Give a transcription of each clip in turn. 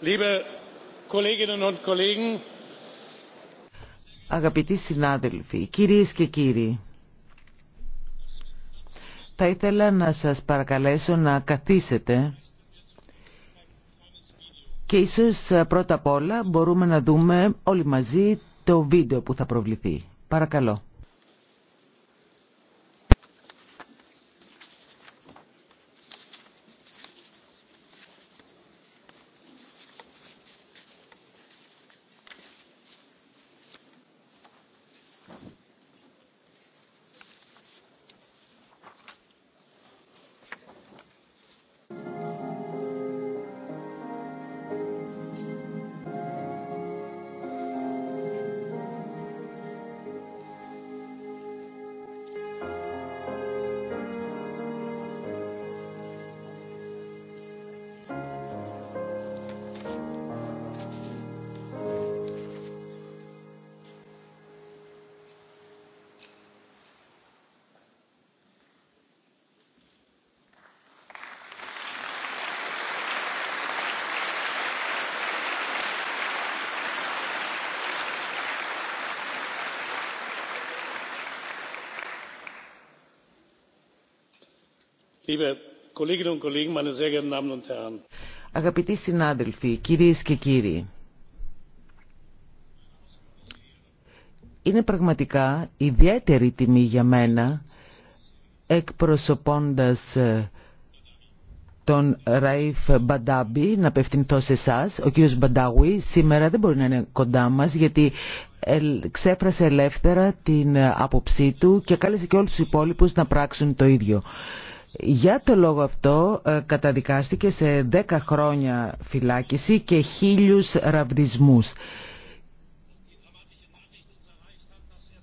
Liebe Kolleginnen Αγαπητοί συνάδελφοι, κυρίες και κύριοι, θα ήθελα να σας παρακαλέσω να καθίσετε και ίσως πρώτα απ' όλα μπορούμε να δούμε όλοι μαζί το βίντεο που θα προβληθεί. Παρακαλώ. Αγαπητοί συνάδελφοι, κυρίες και κύριοι, είναι πραγματικά ιδιαίτερη τιμή για μένα εκπροσωπώντας ε, τον Ραΐφ Μπαντάμπη να απευθυνθώ σε εσά. Ο κύριος Μπαντάουι σήμερα δεν μπορεί να είναι κοντά μας γιατί ε, ξέφρασε ελεύθερα την ε, άποψή του και κάλεσε και όλους τους υπόλοιπους να πράξουν το ίδιο. Για το λόγο αυτό ε, καταδικάστηκε σε 10 χρόνια φυλάκιση και χίλιους ραβδισμούς.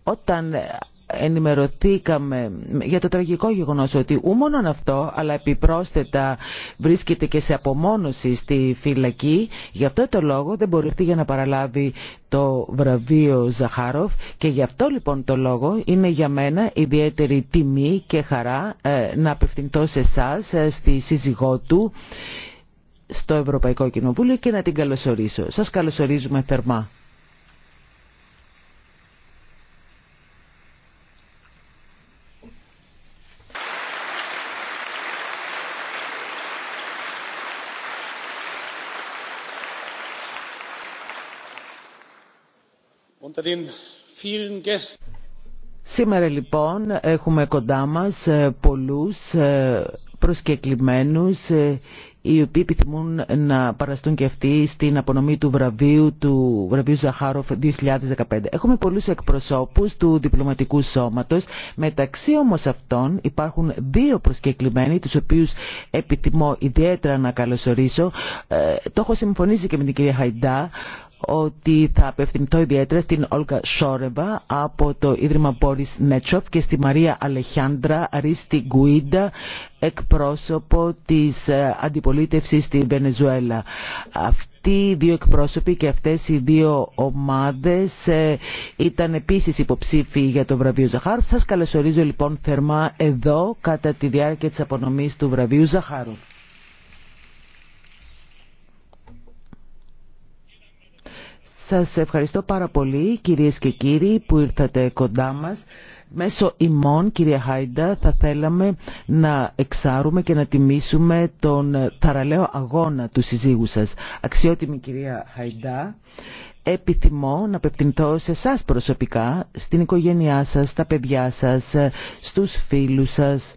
Όταν ενημερωθήκαμε για το τραγικό γεγονός ότι ού μόνον αυτό αλλά επιπρόσθετα βρίσκεται και σε απομόνωση στη φυλακή γι' αυτό το λόγο δεν μπορεί για να παραλάβει το βραβείο Ζαχάροφ και γι' αυτό λοιπόν το λόγο είναι για μένα ιδιαίτερη τιμή και χαρά ε, να απευθυντώ σε εσά ε, στη σύζυγό του στο Ευρωπαϊκό Κοινοβούλιο και να την καλωσορίσω. Σας καλωσορίζουμε θερμά. Σήμερα λοιπόν έχουμε κοντά μας ε, πολλούς ε, προσκεκλημένους ε, οι οποίοι επιθυμούν να παραστούν και αυτοί στην απονομή του βραβείου του βραβείου Ζαχάροφ 2015. Έχουμε πολλούς εκπροσώπους του διπλωματικού σώματος. Μεταξύ όμως αυτών υπάρχουν δύο προσκεκλημένοι, τους οποίους επιθυμώ ιδιαίτερα να καλωσορίσω. το έχω συμφωνήσει και με την κυρία Χαϊντά ότι θα απευθυνθώ ιδιαίτερα στην Όλκα Σόρεβα από το Ίδρυμα Πόρης Νέτσοφ και στη Μαρία Αλεχάνδρα Αρίστη Γκουίντα, εκπρόσωπο της ε, αντιπολίτευσης στη Βενεζουέλα. Αυτοί οι δύο εκπρόσωποι και αυτές οι δύο ομάδες ε, ήταν επίσης υποψήφοι για το βραβείο Ζαχάρου. Σας καλωσορίζω λοιπόν θερμά εδώ κατά τη διάρκεια της απονομής του βραβείου Ζαχάρου. Σας ευχαριστώ πάρα πολύ κυρίες και κύριοι που ήρθατε κοντά μας. Μέσω ημών, κυρία Χάιντα, θα θέλαμε να εξάρουμε και να τιμήσουμε τον θαραλέο αγώνα του συζύγου σας. Αξιότιμη κυρία Χάιντα, επιθυμώ να απευθυνθώ σε εσά προσωπικά, στην οικογένειά σας, στα παιδιά σας, στους φίλους σας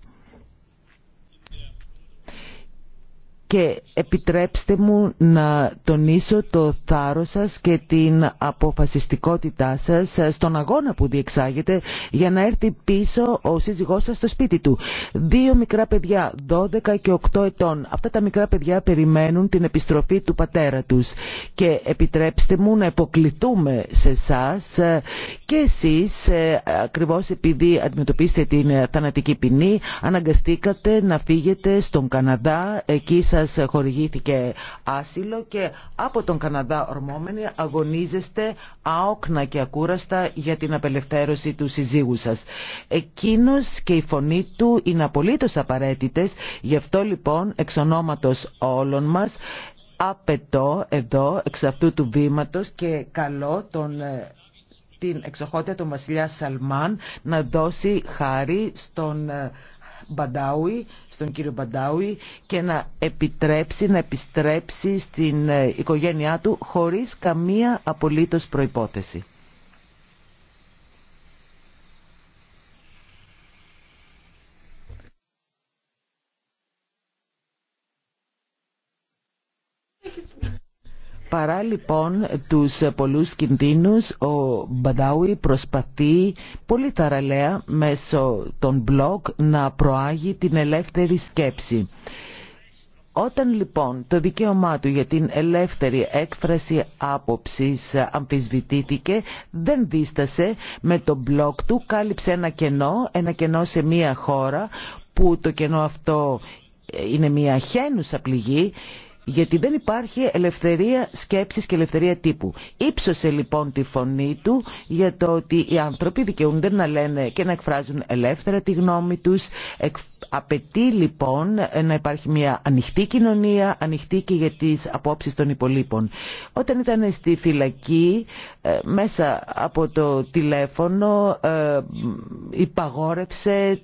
και επιτρέψτε μου να τονίσω το θάρρος σας και την αποφασιστικότητά σας στον αγώνα που διεξάγεται για να έρθει πίσω ο σύζυγός σας στο σπίτι του. Δύο μικρά παιδιά, 12 και 8 ετών. Αυτά τα μικρά παιδιά περιμένουν την επιστροφή του πατέρα τους. Και επιτρέψτε μου να υποκληθούμε σε εσά και εσείς, ακριβώς επειδή αντιμετωπίσετε την θανατική ποινή, αναγκαστήκατε να φύγετε στον Καναδά, εκεί σας χορηγήθηκε άσυλο και από τον Καναδά ορμόμενοι αγωνίζεστε άοκνα και ακούραστα για την απελευθέρωση του συζύγου σας. Εκείνος και η φωνή του είναι απολύτως απαραίτητες, γι' αυτό λοιπόν εξ όλων μας απαιτώ εδώ εξ αυτού του βήματος και καλό τον ε, την εξοχότητα του βασιλιά Σαλμάν να δώσει χάρη στον ε, Μπαντάουι, στον κύριο Μπαντάουι και να επιτρέψει να επιστρέψει στην ε, οικογένειά του χωρίς καμία απολύτως προϋπόθεση. Παρά λοιπόν τους πολλούς κινδύνους, ο Μπαντάουι προσπαθεί πολύ ταραλέα μέσω των blog να προάγει την ελεύθερη σκέψη. Όταν λοιπόν το δικαίωμά του για την ελεύθερη έκφραση άποψης αμφισβητήθηκε, δεν δίστασε με τον blog του, κάλυψε ένα κενό, ένα κενό σε μία χώρα που το κενό αυτό είναι μία χένουσα πληγή γιατί δεν υπάρχει ελευθερία σκέψης και ελευθερία τύπου. Ήψωσε λοιπόν τη φωνή του για το ότι οι άνθρωποι δικαιούνται να λένε και να εκφράζουν ελεύθερα τη γνώμη τους. Απαιτεί λοιπόν να υπάρχει μια ανοιχτή κοινωνία, ανοιχτή και για τις απόψεις των υπολείπων. Όταν ήταν στη φυλακή, ε, μέσα από το τηλέφωνο ε, υπαγόρευσε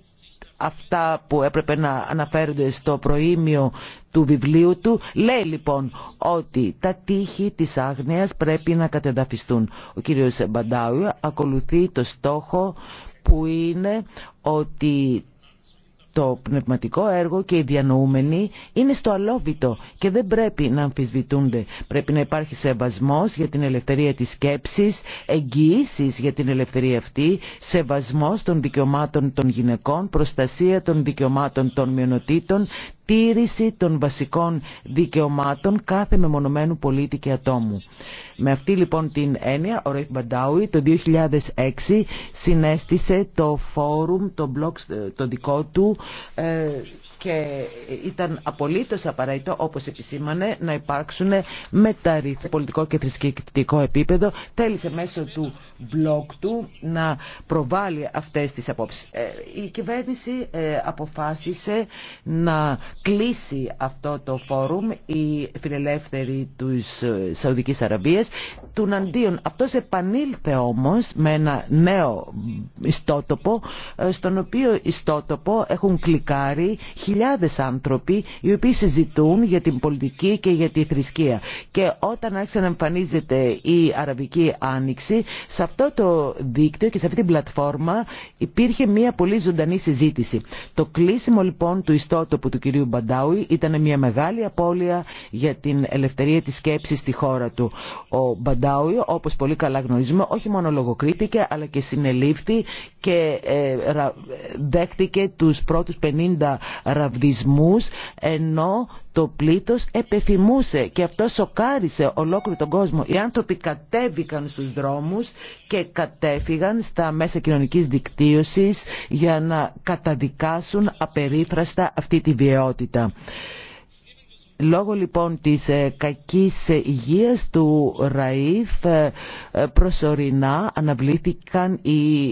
αυτά που έπρεπε να αναφέρονται στο προήμιο του βιβλίου του. Λέει λοιπόν ότι τα τείχη της άγνοιας πρέπει να κατεδαφιστούν. Ο κύριος Μπαντάου ακολουθεί το στόχο που είναι ότι το πνευματικό έργο και οι διανοούμενοι είναι στο αλόβητο και δεν πρέπει να αμφισβητούνται. Πρέπει να υπάρχει σεβασμός για την ελευθερία της σκέψης, εγγυήσει για την ελευθερία αυτή, σεβασμός των δικαιωμάτων των γυναικών, προστασία των δικαιωμάτων των μειονοτήτων, τήρηση των βασικών δικαιωμάτων κάθε μεμονωμένου πολίτη και ατόμου. Με αυτή λοιπόν την έννοια ο Ρεφ Μπαντάουι το 2006 συνέστησε το φόρουμ, το blog το δικό του ε, και ήταν απολύτως απαραίτητο, όπως επισήμανε, να υπάρξουν μεταρρύθμιση πολιτικό και θρησκευτικό επίπεδο. Θέλησε μέσω του blog του να προβάλλει αυτές τις απόψεις. Ε, η κυβέρνηση ε, αποφάσισε να κλείσει αυτό το φόρουμ η φιλελεύθεροι της ε, Σαουδικής Αραβίας. Του αντίον αυτός επανήλθε όμως με ένα νέο ιστότοπο, στον οποίο ιστότοπο έχουν κλικάρει χιλιάδες άνθρωποι οι οποίοι συζητούν για την πολιτική και για τη θρησκεία. Και όταν άρχισε να εμφανίζεται η Αραβική Άνοιξη, σε αυτό το δίκτυο και σε αυτή την πλατφόρμα υπήρχε μια πολύ ζωντανή συζήτηση. Το κλείσιμο λοιπόν του ιστότοπου του κυρίου Μπαντάουι ήταν μια μεγάλη απώλεια για την ελευθερία της σκέψης στη χώρα του. Ο Μπαντάουι, όπως πολύ καλά γνωρίζουμε, όχι μόνο λογοκρίτηκε αλλά και συνελήφθη και ε, δέχτηκε τους πρώτους 50 ενώ το πλήτος επεφημούσε και αυτό σοκάρισε ολόκληρο τον κόσμο. Οι άνθρωποι κατέβηκαν στους δρόμους και κατέφυγαν στα μέσα κοινωνικής δικτύωσης για να καταδικάσουν απερίφραστα αυτή τη βιαιότητα. Λόγω λοιπόν της ε, κακής υγείας του Ραΐφ ε, ε, προσωρινά αναβλήθηκαν οι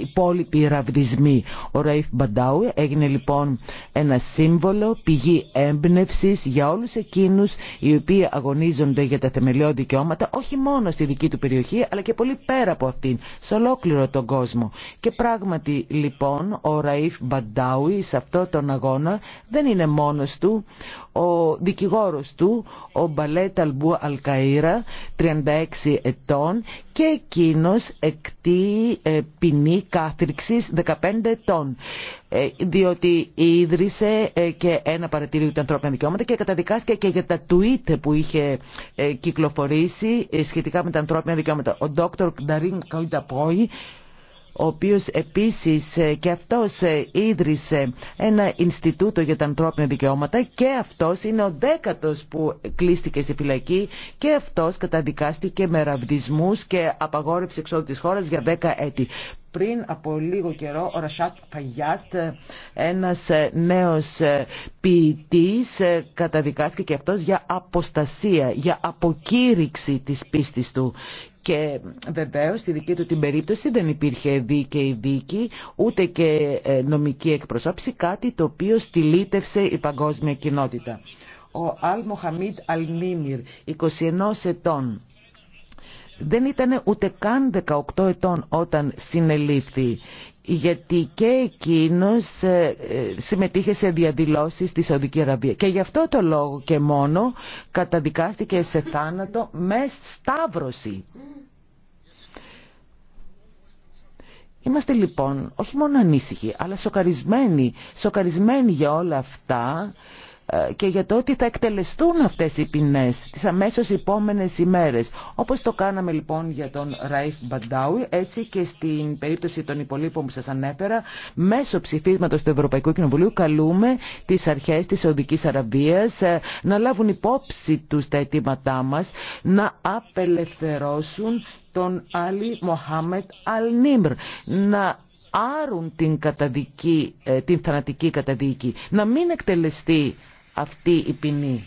υπόλοιποι ραβδισμοί. Ο Ραΐφ Μπαντάου έγινε λοιπόν ένα σύμβολο, πηγή έμπνευση για όλους εκείνους οι οποίοι αγωνίζονται για τα θεμελιώδη δικαιώματα όχι μόνο στη δική του περιοχή αλλά και πολύ πέρα από αυτήν, σε ολόκληρο τον κόσμο. Και πράγματι λοιπόν ο Ραΐφ Μπαντάου σε αυτό τον αγώνα δεν είναι μόνος του. Ο δικηγόρος του, ο Μπαλέ Αλμπού Αλκαΐρα, 36 ετών και εκείνος εκτεί ε, ποινή κάθριξης 15 ετών ε, διότι ίδρυσε ε, και ένα παρατήριο για τα ανθρώπινα δικαιώματα και καταδικάστηκε και για τα tweet που είχε κυκλοφορήσει σχετικά με τα ανθρώπινα δικαιώματα. Ο Δόκτωρ Νταρίν Καϊνταπόη ο οποίος επίσης ε, και αυτός ε, ίδρυσε ένα Ινστιτούτο για τα ανθρώπινα δικαιώματα και αυτός είναι ο δέκατος που κλείστηκε στη φυλακή και αυτός καταδικάστηκε με ραβδισμούς και απαγόρευση εξόδου της χώρας για δέκα έτη. Πριν από λίγο καιρό ο Ρασάτ Παγιάτ, ένας ε, νέος ποιητής, καταδικάστηκε και αυτός για αποστασία, για αποκήρυξη της πίστης του. Και βεβαίω στη δική του την περίπτωση δεν υπήρχε δίκαιη δίκη, ούτε και ε, νομική εκπροσώπηση, κάτι το οποίο στυλίτευσε η παγκόσμια κοινότητα. Ο Αλ Μοχαμίτ Αλνίμιρ, 21 ετών, δεν ήταν ούτε καν 18 ετών όταν συνελήφθη γιατί και εκείνος ε, ε, συμμετείχε σε διαδηλώσεις στη Σαουδική Αραβία. Και γι' αυτό το λόγο και μόνο καταδικάστηκε σε θάνατο με σταύρωση. Είμαστε λοιπόν όχι μόνο ανήσυχοι, αλλά σοκαρισμένοι, σοκαρισμένοι για όλα αυτά ε, και για το ότι θα εκτελεστούν αυτές οι ποινές τις αμέσως επόμενες ημέρες. Όπως το κάναμε λοιπόν για τον Ραϊφ Μπαντάουι, έτσι και στην περίπτωση των υπολείπων που σας ανέφερα, μέσω ψηφίσματος του Ευρωπαϊκού Κοινοβουλίου καλούμε τις αρχές της Σαουδικής Αραβίας ε, να λάβουν υπόψη τους τα αιτήματά μας, να απελευθερώσουν τον Άλι Μοχάμετ Αλ να άρουν την, καταδική, ε, την θανατική καταδίκη, να μην εκτελεστεί αυτή η ποινή.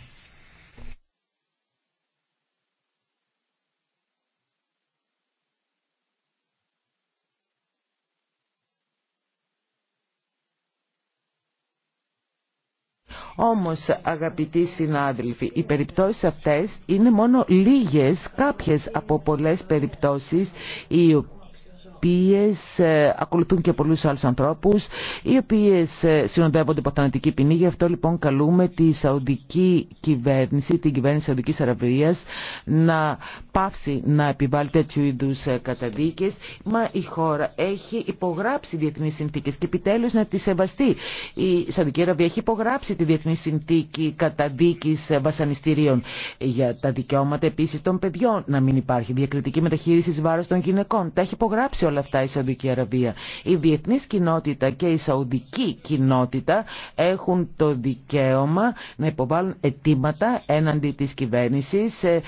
Όμως αγαπητοί συνάδελφοι, οι περιπτώσεις αυτές είναι μόνο λίγες, κάποιες από πολλές περιπτώσεις οι οποίες ε, ακολουθούν και πολλούς άλλους ανθρώπους, οι οποίες ε, συνοδεύονται από θανατική ποινή. Γι' αυτό λοιπόν καλούμε τη Σαουδική κυβέρνηση, την κυβέρνηση Σαουδικής Αραβίας, να πάυσει να επιβάλλει τέτοιου είδους ε, καταδίκες. Μα η χώρα έχει υπογράψει διεθνείς συνθήκες και επιτέλους να τη σεβαστεί. Η Σαουδική Αραβία έχει υπογράψει τη διεθνή συνθήκη καταδίκης βασανιστήριων για τα δικαιώματα επίσης των παιδιών, να μην υπάρχει διακριτική μεταχείριση βάρος των γυναικών. Τα έχει υπογράψει όλα αυτά η Σαουδική Αραβία. Η διεθνής κοινότητα και η Σαουδική κοινότητα έχουν το δικαίωμα να υποβάλουν αιτήματα έναντι της κυβέρνησης ε,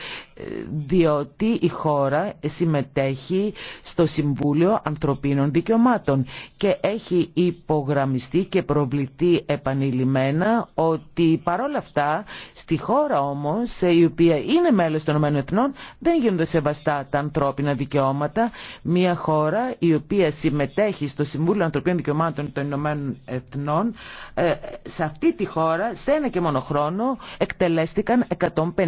διότι η χώρα συμμετέχει στο Συμβούλιο Ανθρωπίνων Δικαιωμάτων και έχει υπογραμμιστεί και προβληθεί επανειλημμένα ότι παρόλα αυτά στη χώρα όμως η οποία είναι μέλος των Εθνών δεν γίνονται σεβαστά τα ανθρώπινα δικαιώματα μια χώρα η οποία συμμετέχει στο Συμβούλιο Ανθρωπίνων Δικαιωμάτων των Ηνωμένων ε, σε αυτή τη χώρα σε ένα και μόνο χρόνο εκτελέστηκαν 150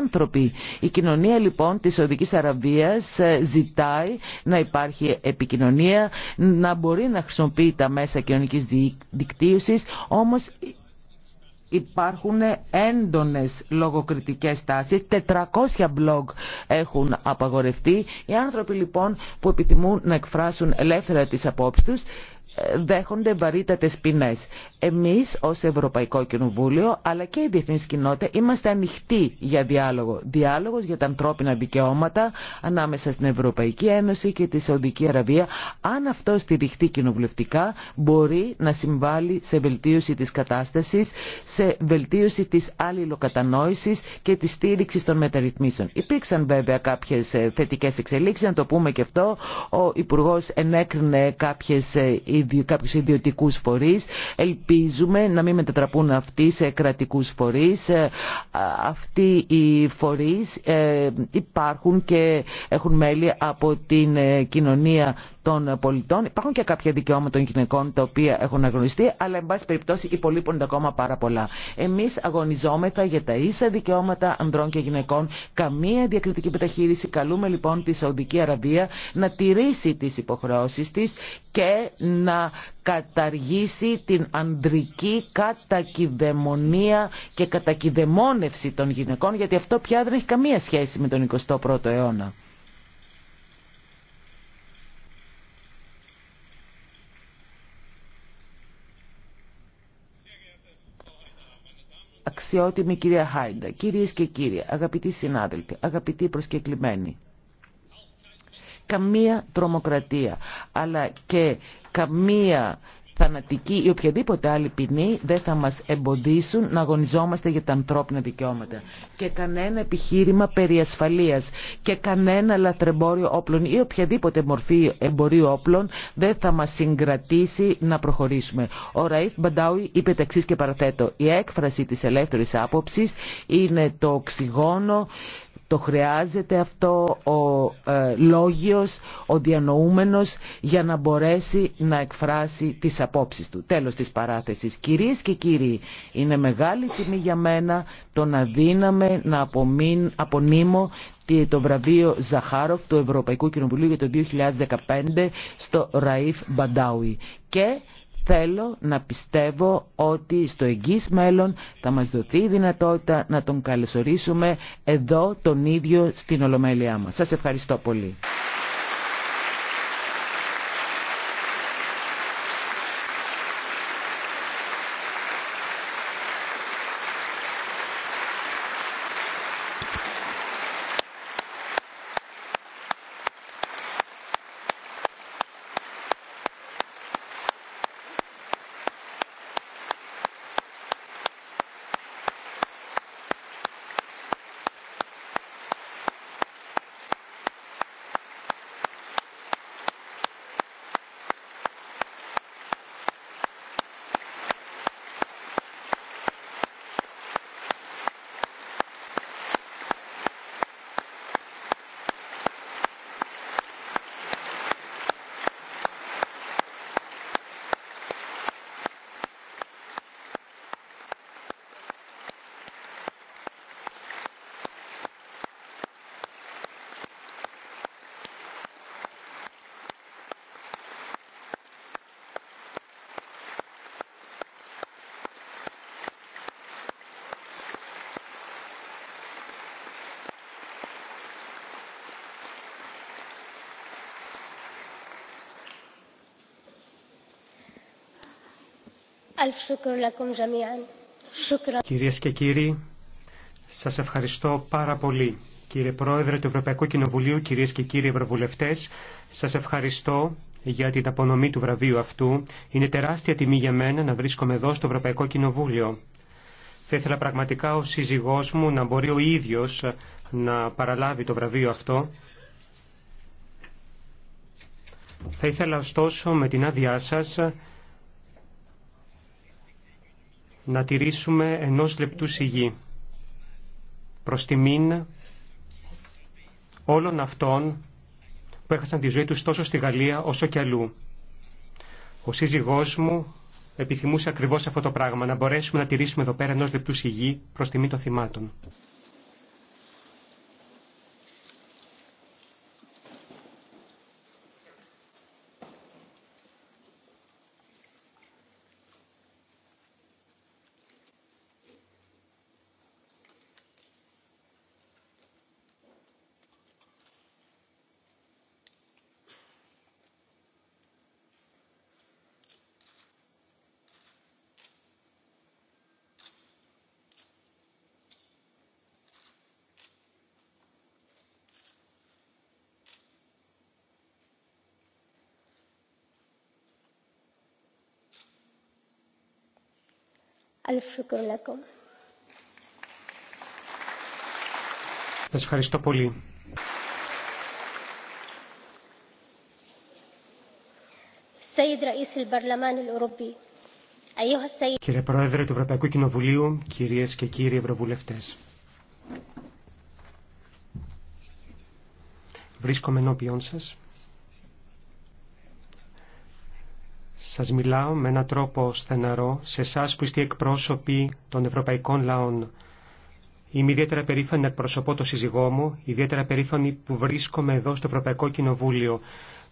άνθρωποι η κοινωνία λοιπόν της Σαουδικής Αραβίας ε, ζητάει να υπάρχει επικοινωνία, να μπορεί να χρησιμοποιεί τα μέσα κοινωνικής δικτύωσης, όμως υπάρχουν έντονες λογοκριτικές τάσεις. 400 blog έχουν απαγορευτεί. Οι άνθρωποι λοιπόν που επιθυμούν να εκφράσουν ελεύθερα τις απόψεις τους δέχονται βαρύτατες ποινές. Εμείς ως Ευρωπαϊκό Κοινοβούλιο αλλά και η διεθνή κοινότητα είμαστε ανοιχτοί για διάλογο. Διάλογος για τα ανθρώπινα δικαιώματα ανάμεσα στην Ευρωπαϊκή Ένωση και τη Σαουδική Αραβία. Αν αυτό στηριχτεί κοινοβουλευτικά μπορεί να συμβάλλει σε βελτίωση της κατάστασης, σε βελτίωση της αλληλοκατανόησης και τη στήριξη των μεταρρυθμίσεων. Υπήρξαν βέβαια κάποιες ε, θετικές εξελίξεις, να το πούμε και αυτό. Ο Υπουργός ενέκρινε κάποιες ε, Κάποιου ιδιωτικού φορεί, Ελπίζουμε να μην μετατραπούν αυτοί σε κρατικού φορεί. Ε, αυτοί οι φορεί ε, υπάρχουν και έχουν μέλη από την ε, κοινωνία των πολιτών. Υπάρχουν και κάποια δικαιώματα των γυναικών τα οποία έχουν αναγνωριστεί, αλλά εν πάση περιπτώσει υπολείπονται ακόμα πάρα πολλά. Εμεί αγωνιζόμεθα για τα ίσα δικαιώματα ανδρών και γυναικών. Καμία διακριτική μεταχείριση. Καλούμε λοιπόν τη Σαουδική Αραβία να τηρήσει τι υποχρεώσει τη και να καταργήσει την ανδρική κατακυδαιμονία και κατακυδαιμόνευση των γυναικών, γιατί αυτό πια δεν έχει καμία σχέση με τον 21ο αιώνα. αξιότιμη κυρία Χάιντα, κυρίες και κύριοι, αγαπητοί συνάδελφοι, αγαπητοί προσκεκλημένοι. Καμία τρομοκρατία, αλλά και καμία θανατική ή οποιαδήποτε άλλη ποινή δεν θα μας εμποδίσουν να αγωνιζόμαστε για τα ανθρώπινα δικαιώματα. Και κανένα επιχείρημα περί ασφαλείας και κανένα λατρεμπόριο όπλων ή οποιαδήποτε μορφή εμπορίου όπλων δεν θα μας συγκρατήσει να προχωρήσουμε. Ο Ραΐφ Μπαντάουι είπε ταξί και παραθέτω. Η έκφραση της ελεύθερης άποψης είναι το οξυγόνο το χρειάζεται αυτό ο ε, λόγιος, ο διανοούμενος για να μπορέσει να εκφράσει τις απόψεις του. Τέλος της παράθεσης. Κυρίες και κύριοι, είναι μεγάλη τιμή για μένα το να δίναμε να απομείν, απονείμω το βραβείο Ζαχάροφ του Ευρωπαϊκού Κοινοβουλίου για το 2015 στο Ραΐφ Μπαντάουι. Και Θέλω να πιστεύω ότι στο εγγύς μέλλον θα μας δοθεί η δυνατότητα να τον καλωσορίσουμε εδώ τον ίδιο στην Ολομέλειά μας. Σας ευχαριστώ πολύ. Κυρίες και κύριοι, σας ευχαριστώ πάρα πολύ. Κύριε Πρόεδρε του Ευρωπαϊκού Κοινοβουλίου, κύριε και κύριοι Ευρωβουλευτές, σας ευχαριστώ για την απονομή του βραβείου αυτού. Είναι τεράστια τιμή για μένα να βρίσκομαι εδώ στο Ευρωπαϊκό Κοινοβούλιο. Θα ήθελα πραγματικά ο σύζυγός μου να μπορεί ο ίδιος να παραλάβει το βραβείο αυτό. Θα ήθελα ωστόσο με την άδειά σας να τηρήσουμε ενός λεπτού σιγή προς τιμήν όλων αυτών που έχασαν τη ζωή τους τόσο στη Γαλλία όσο και αλλού. Ο σύζυγός μου επιθυμούσε ακριβώς αυτό το πράγμα, να μπορέσουμε να τηρήσουμε εδώ πέρα ενός λεπτού σιγή προς τιμή των θυμάτων. ألف شكر لكم ευχαριστώ πολύ. Κύριε Πρόεδρε του Ευρωπαϊκού Κοινοβουλίου, κυρίες και κύριοι Ευρωβουλευτές. Βρίσκομαι ενώπιόν σας Σας μιλάω με έναν τρόπο στεναρό σε εσά που είστε εκπρόσωποι των ευρωπαϊκών λαών. Είμαι ιδιαίτερα περήφανη να εκπροσωπώ το σύζυγό μου, ιδιαίτερα περήφανη που βρίσκομαι εδώ στο Ευρωπαϊκό Κοινοβούλιο,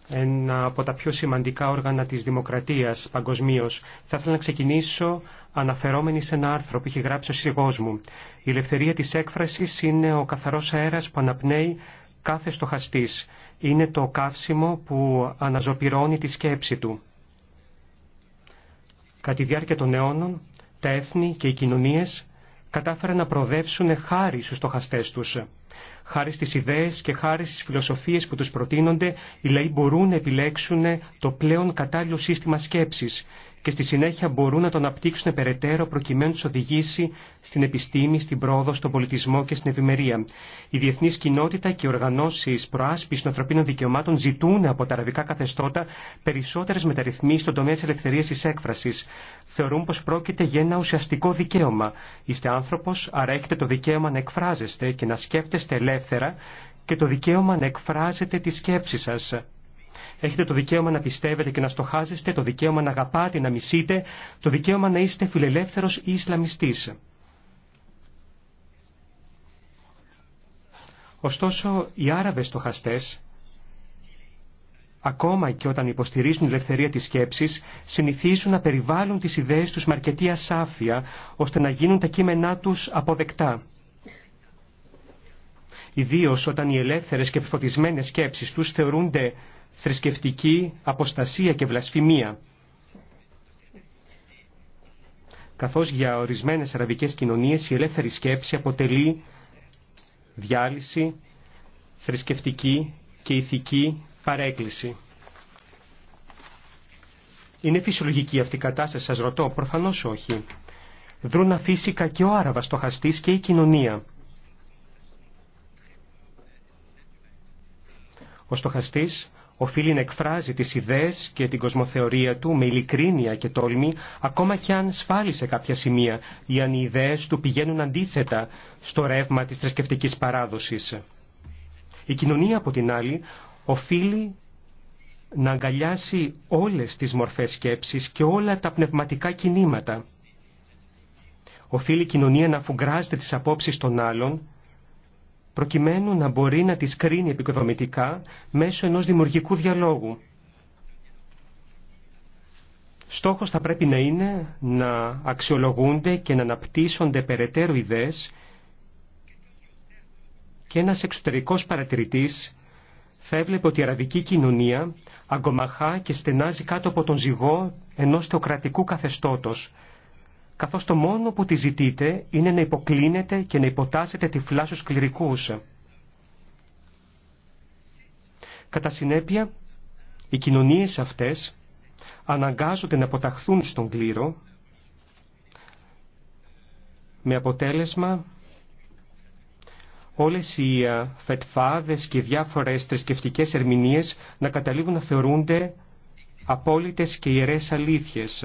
ένα από τα πιο σημαντικά όργανα της δημοκρατίας παγκοσμίω. Θα ήθελα να ξεκινήσω αναφερόμενη σε ένα άρθρο που έχει γράψει ο σύζυγός μου. Η ελευθερία της έκφρασης είναι ο καθαρός αέρας που αναπνέει κάθε στοχαστής. Είναι το καύσιμο που αναζωπυρώνει τη σκέψη του. Κατά τη διάρκεια των αιώνων, τα έθνη και οι κοινωνίες κατάφεραν να προοδεύσουν χάρη στους στοχαστές τους. Χάρη στις ιδέες και χάρη στις φιλοσοφίες που τους προτείνονται, οι λαοί μπορούν να επιλέξουν το πλέον κατάλληλο σύστημα σκέψης και στη συνέχεια μπορούν να τον απτύξουν περαιτέρω προκειμένου να του οδηγήσει στην επιστήμη, στην πρόοδο, στον πολιτισμό και στην ευημερία. Η διεθνή κοινότητα και οι οργανώσει προάσπιση των ανθρωπίνων δικαιωμάτων ζητούν από τα αραβικά καθεστώτα περισσότερε μεταρρυθμίσει στον τομέα τη ελευθερία τη έκφραση. Θεωρούν πω πρόκειται για ένα ουσιαστικό δικαίωμα. Είστε άνθρωπο, άρα έχετε το δικαίωμα να εκφράζεστε και να σκέφτεστε ελεύθερα και το δικαίωμα να εκφράζετε τη σκέψη σας. Έχετε το δικαίωμα να πιστεύετε και να στοχάζεστε, το δικαίωμα να αγαπάτε, να μισείτε, το δικαίωμα να είστε φιλελεύθερος ή Ισλαμιστής. Ωστόσο, οι Άραβες στοχαστές, ακόμα και όταν υποστηρίζουν η ελευθερία της σκέψης, συνηθίζουν να περιβάλλουν τις ιδέες τους με αρκετή ασάφεια, ώστε να γίνουν τα κείμενά τους αποδεκτά. Ιδίως όταν οι ελεύθερες και φωτισμένες σκέψεις τους θεωρούνται θρησκευτική αποστασία και βλασφημία. Καθώς για ορισμένες αραβικές κοινωνίες η ελεύθερη σκέψη αποτελεί διάλυση, θρησκευτική και ηθική παρέκκληση. Είναι φυσιολογική αυτή η κατάσταση, σας ρωτώ, προφανώς όχι. Δρούν αφύσικα και ο Άραβας, το χαστής και η κοινωνία. Ο στοχαστής οφείλει να εκφράζει τις ιδέες και την κοσμοθεωρία του με ειλικρίνεια και τόλμη, ακόμα και αν σφάλισε κάποια σημεία ή αν οι ιδέες του πηγαίνουν αντίθετα στο ρεύμα της θρησκευτική παράδοσης. Η κοινωνία, από την άλλη, οφείλει να αγκαλιάσει όλες τις μορφές σκέψης και όλα τα πνευματικά κινήματα. Οφείλει η κοινωνία να αφουγκράζεται τις απόψεις των άλλων προκειμένου να μπορεί να τις κρίνει επικοδομητικά μέσω ενός δημιουργικού διαλόγου. Στόχος θα πρέπει να είναι να αξιολογούνται και να αναπτύσσονται περαιτέρω ιδέες και ένας εξωτερικός παρατηρητής θα έβλεπε ότι η αραβική κοινωνία αγκομαχά και στενάζει κάτω από τον ζυγό ενός θεοκρατικού καθεστώτος καθώς το μόνο που τη ζητείτε είναι να υποκλίνετε και να υποτάσετε τη στους κληρικούς. Κατά συνέπεια, οι κοινωνίες αυτές αναγκάζονται να αποταχθούν στον κλήρο με αποτέλεσμα όλες οι ε, φετφάδες και διάφορες θρησκευτικές ερμηνείες να καταλήγουν να θεωρούνται απόλυτες και ιερές αλήθειες.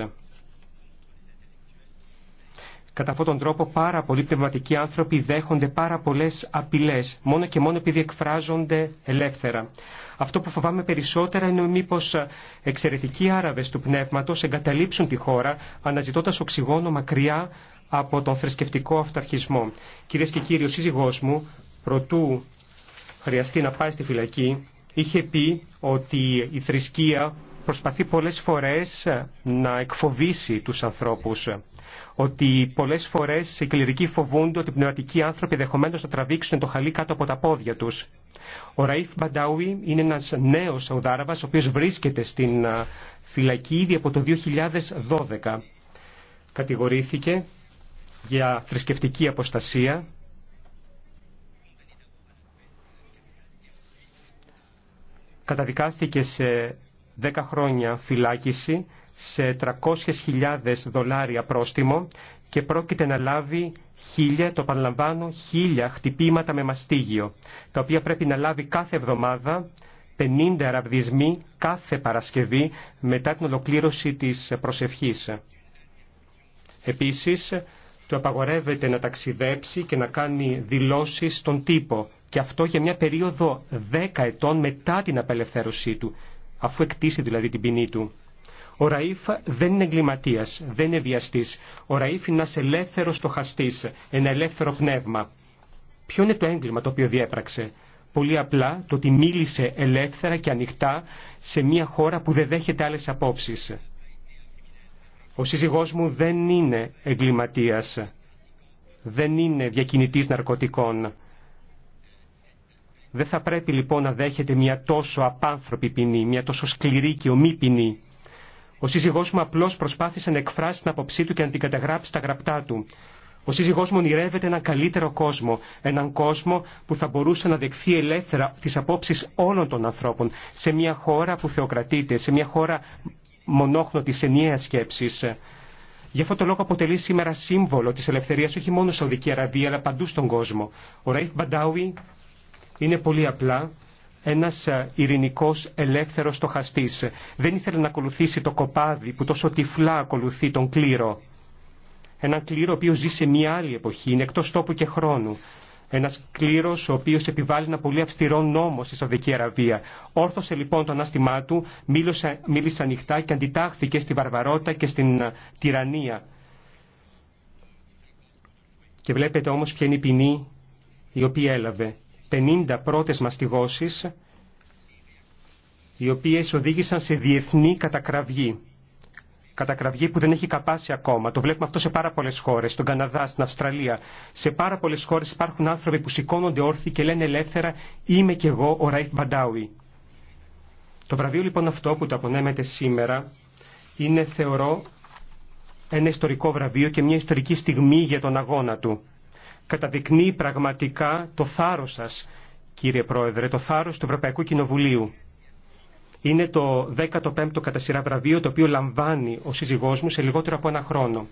Κατά αυτόν τον τρόπο πάρα πολλοί πνευματικοί άνθρωποι δέχονται πάρα πολλές απειλέ, μόνο και μόνο επειδή εκφράζονται ελεύθερα. Αυτό που φοβάμαι περισσότερα είναι μήπω ε, εξαιρετικοί Άραβες του πνεύματος εγκαταλείψουν τη χώρα αναζητώντας οξυγόνο μακριά από τον θρησκευτικό αυταρχισμό. Κυρίες και κύριοι, ο σύζυγό μου, προτού χρειαστεί να πάει στη φυλακή, είχε πει ότι η θρησκεία προσπαθεί πολλές φορές ε, να εκφοβήσει τους ανθρώπους ότι πολλέ φορέ οι κληρικοί φοβούνται ότι οι πνευματικοί άνθρωποι ενδεχομένω θα τραβήξουν το χαλί κάτω από τα πόδια του. Ο Ραϊφ Μπαντάουι είναι ένα νέο Σαουδάραβα, ο οποίο βρίσκεται στην φυλακή ήδη από το 2012. Κατηγορήθηκε για θρησκευτική αποστασία. Καταδικάστηκε σε 10 χρόνια φυλάκιση σε 300.000 δολάρια πρόστιμο και πρόκειται να λάβει χίλια, το παραλαμβάνω, χίλια χτυπήματα με μαστίγιο, τα οποία πρέπει να λάβει κάθε εβδομάδα 50 ραβδισμοί κάθε Παρασκευή μετά την ολοκλήρωση της προσευχής. Επίσης, του απαγορεύεται να ταξιδέψει και να κάνει δηλώσεις στον τύπο και αυτό για μια περίοδο 10 ετών μετά την απελευθέρωσή του, αφού εκτίσει δηλαδή την ποινή του. Ο Ραΐφ δεν είναι εγκληματία, δεν είναι βιαστή. Ο Ραΐφ είναι ένα ελεύθερο στοχαστή, ένα ελεύθερο πνεύμα. Ποιο είναι το έγκλημα το οποίο διέπραξε. Πολύ απλά το ότι μίλησε ελεύθερα και ανοιχτά σε μια χώρα που δεν δέχεται άλλες απόψεις. Ο σύζυγός μου δεν είναι εγκληματίας. Δεν είναι διακινητής ναρκωτικών. Δεν θα πρέπει λοιπόν να δέχεται μια τόσο απάνθρωπη ποινή, μια τόσο σκληρή και ομή ποινή. Ο σύζυγό μου απλώ προσπάθησε να εκφράσει την άποψή του και να την καταγράψει στα γραπτά του. Ο σύζυγό μου ονειρεύεται έναν καλύτερο κόσμο. Έναν κόσμο που θα μπορούσε να δεχθεί ελεύθερα τι απόψει όλων των ανθρώπων. Σε μια χώρα που θεοκρατείται, σε μια χώρα μονόχνοτη ενιαία σκέψη. Γι' αυτό το λόγο αποτελεί σήμερα σύμβολο τη ελευθερία όχι μόνο στην Σαουδική Αραβία αλλά παντού στον κόσμο. Ο Ραϊφ Μπαντάουι είναι πολύ απλά ένας ε, ειρηνικός ελεύθερος στοχαστής. Δεν ήθελε να ακολουθήσει το κοπάδι που τόσο τυφλά ακολουθεί τον κλήρο. Έναν κλήρο ο οποίος ζει σε μια άλλη εποχή, είναι εκτός τόπου και χρόνου. Ένας κλήρος ο οποίος επιβάλλει ένα πολύ αυστηρό νόμο στη Σαουδική Αραβία. Όρθωσε λοιπόν το ανάστημά του, μίλησε, μίλησε ανοιχτά και αντιτάχθηκε στη βαρβαρότητα και στην ε, τυραννία. Και βλέπετε όμως ποια είναι η ποινή η οποία έλαβε. 50 πρώτες μαστιγώσεις οι οποίες οδήγησαν σε διεθνή κατακραυγή. Κατακραυγή που δεν έχει καπάσει ακόμα. Το βλέπουμε αυτό σε πάρα πολλέ χώρε, στον Καναδά, στην Αυστραλία. Σε πάρα πολλέ χώρε υπάρχουν άνθρωποι που σηκώνονται όρθιοι και λένε ελεύθερα Είμαι κι εγώ ο Ραϊφ Μπαντάουι. Το βραβείο λοιπόν αυτό που το απονέμεται σήμερα είναι θεωρώ ένα ιστορικό βραβείο και μια ιστορική στιγμή για τον αγώνα του καταδεικνύει πραγματικά το θάρρος σας, κύριε Πρόεδρε, το θάρρος του Ευρωπαϊκού Κοινοβουλίου. Είναι το 15ο κατά σειρά βραβείο το οποίο λαμβάνει ο σύζυγός μου σε λιγότερο από ένα χρόνο.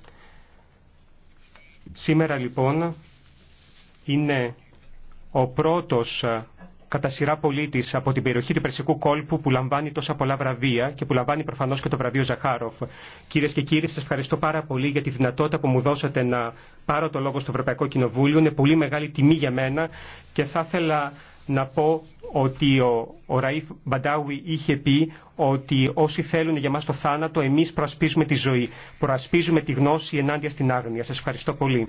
Σήμερα λοιπόν είναι ο πρώτος κατά σειρά πολίτη από την περιοχή του Περσικού κόλπου που λαμβάνει τόσα πολλά βραβεία και που λαμβάνει προφανώ και το βραβείο Ζαχάροφ. Κυρίε και κύριοι, σα ευχαριστώ πάρα πολύ για τη δυνατότητα που μου δώσατε να πάρω το λόγο στο Ευρωπαϊκό Κοινοβούλιο. Είναι πολύ μεγάλη τιμή για μένα και θα ήθελα να πω ότι ο, ο Ραΐφ Μπαντάουι είχε πει ότι όσοι θέλουν για μας το θάνατο, εμείς προασπίζουμε τη ζωή. Προασπίζουμε τη γνώση ενάντια στην άγνοια. Σας ευχαριστώ πολύ.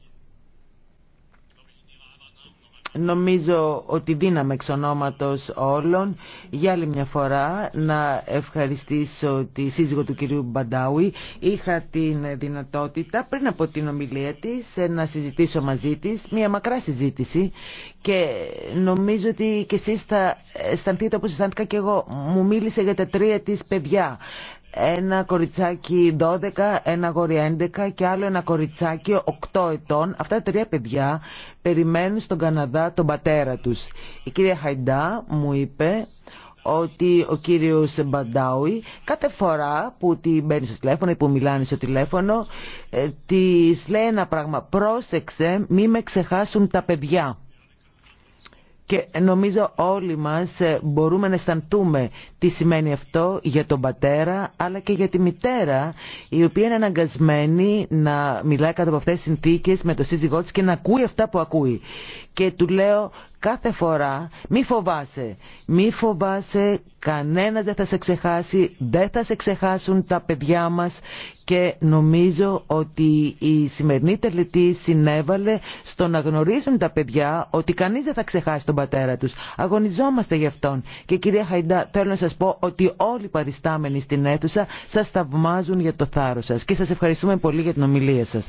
Νομίζω ότι δίναμε εξ ονόματος όλων για άλλη μια φορά να ευχαριστήσω τη σύζυγο του κυρίου Μπαντάουι. Είχα την δυνατότητα πριν από την ομιλία της να συζητήσω μαζί της μια μακρά συζήτηση και νομίζω ότι και εσείς θα αισθανθείτε όπως αισθάνθηκα και εγώ. Μου μίλησε για τα τρία της παιδιά ένα κοριτσάκι 12, ένα γόρι 11 και άλλο ένα κοριτσάκι 8 ετών. Αυτά τα τρία παιδιά περιμένουν στον Καναδά τον πατέρα τους. Η κυρία Χαϊντά μου είπε ότι ο κύριος Μπαντάουι κάθε φορά που τη μπαίνει στο τηλέφωνο ή που μιλάνε στο τηλέφωνο ε, της λέει ένα πράγμα «Πρόσεξε, μη με ξεχάσουν τα παιδιά». Και νομίζω όλοι μας ε, μπορούμε να αισθαντούμε τι σημαίνει αυτό για τον πατέρα αλλά και για τη μητέρα η οποία είναι αναγκασμένη να μιλάει κάτω από αυτές τις συνθήκες με το σύζυγό της και να ακούει αυτά που ακούει. Και του λέω κάθε φορά μη φοβάσαι, μη φοβάσαι Κανένας δεν θα σε ξεχάσει, δεν θα σε ξεχάσουν τα παιδιά μας και νομίζω ότι η σημερινή τελετή συνέβαλε στο να γνωρίζουν τα παιδιά ότι κανείς δεν θα ξεχάσει τον πατέρα τους. Αγωνιζόμαστε γι' αυτόν. Και κυρία Χαϊντά, θέλω να σας πω ότι όλοι οι παριστάμενοι στην αίθουσα σας θαυμάζουν για το θάρρος σας και σας ευχαριστούμε πολύ για την ομιλία σας.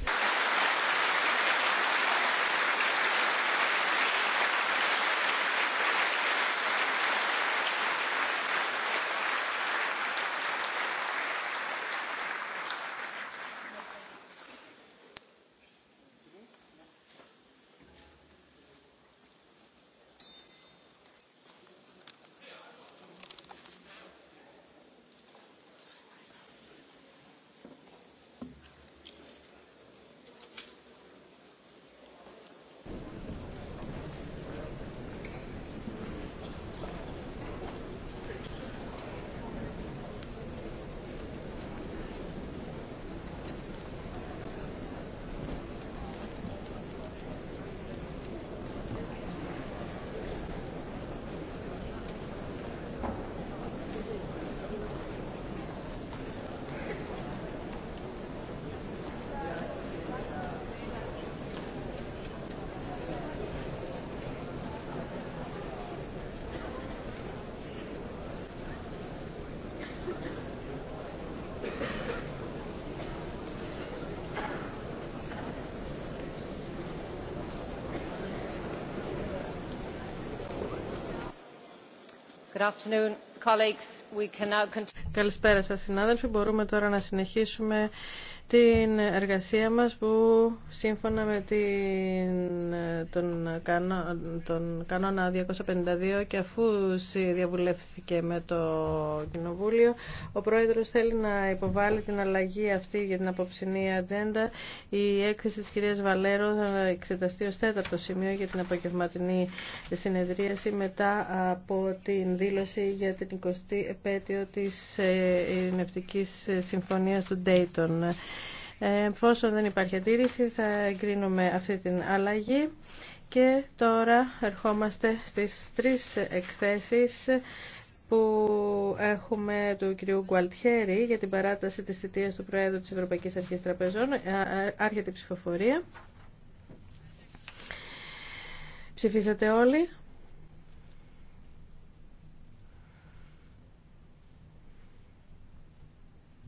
Καλησπέρα σας συνάδελφοι. Μπορούμε τώρα να συνεχίσουμε την εργασία μας που σύμφωνα με την, τον, κανό, τον κανόνα 252 και αφού διαβουλεύθηκε με το Κοινοβούλιο ο Πρόεδρος θέλει να υποβάλει την αλλαγή αυτή για την απόψινή ατζέντα η έκθεση της κυρίας Βαλέρο θα εξεταστεί ως τέταρτο σημείο για την απογευματινή συνεδρίαση μετά από την δήλωση για την 20η επέτειο της ε, Ειρηνευτικής ε, Συμφωνίας του Dayton. Εφόσον δεν υπάρχει αντίρρηση θα εγκρίνουμε αυτή την αλλαγή. Και τώρα ερχόμαστε στις τρεις εκθέσεις που έχουμε του κυρίου Γκουαλτιέρη για την παράταση της θητείας του Προέδρου της Ευρωπαϊκής Αρχής Τραπεζών. Ε, ε, άρχεται η ψηφοφορία. Ψηφίσατε όλοι.